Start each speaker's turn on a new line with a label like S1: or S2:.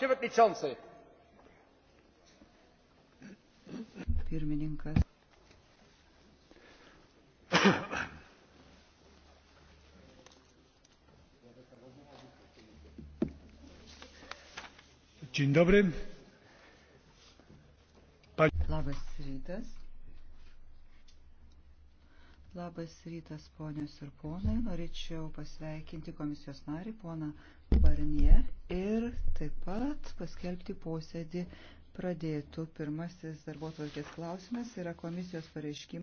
S1: przewodniczący.
S2: Pirmininkas.
S3: Dzień dobry. Pani... Labas rytas.
S4: Labas rytas, ponios ir ponai. Norėčiau pasveikinti komisijos narį, poną Barnier pat paskelbti posėdį pradėtų. Pirmasis darbo tvarkės klausimas
S5: yra komisijos pareiškimas.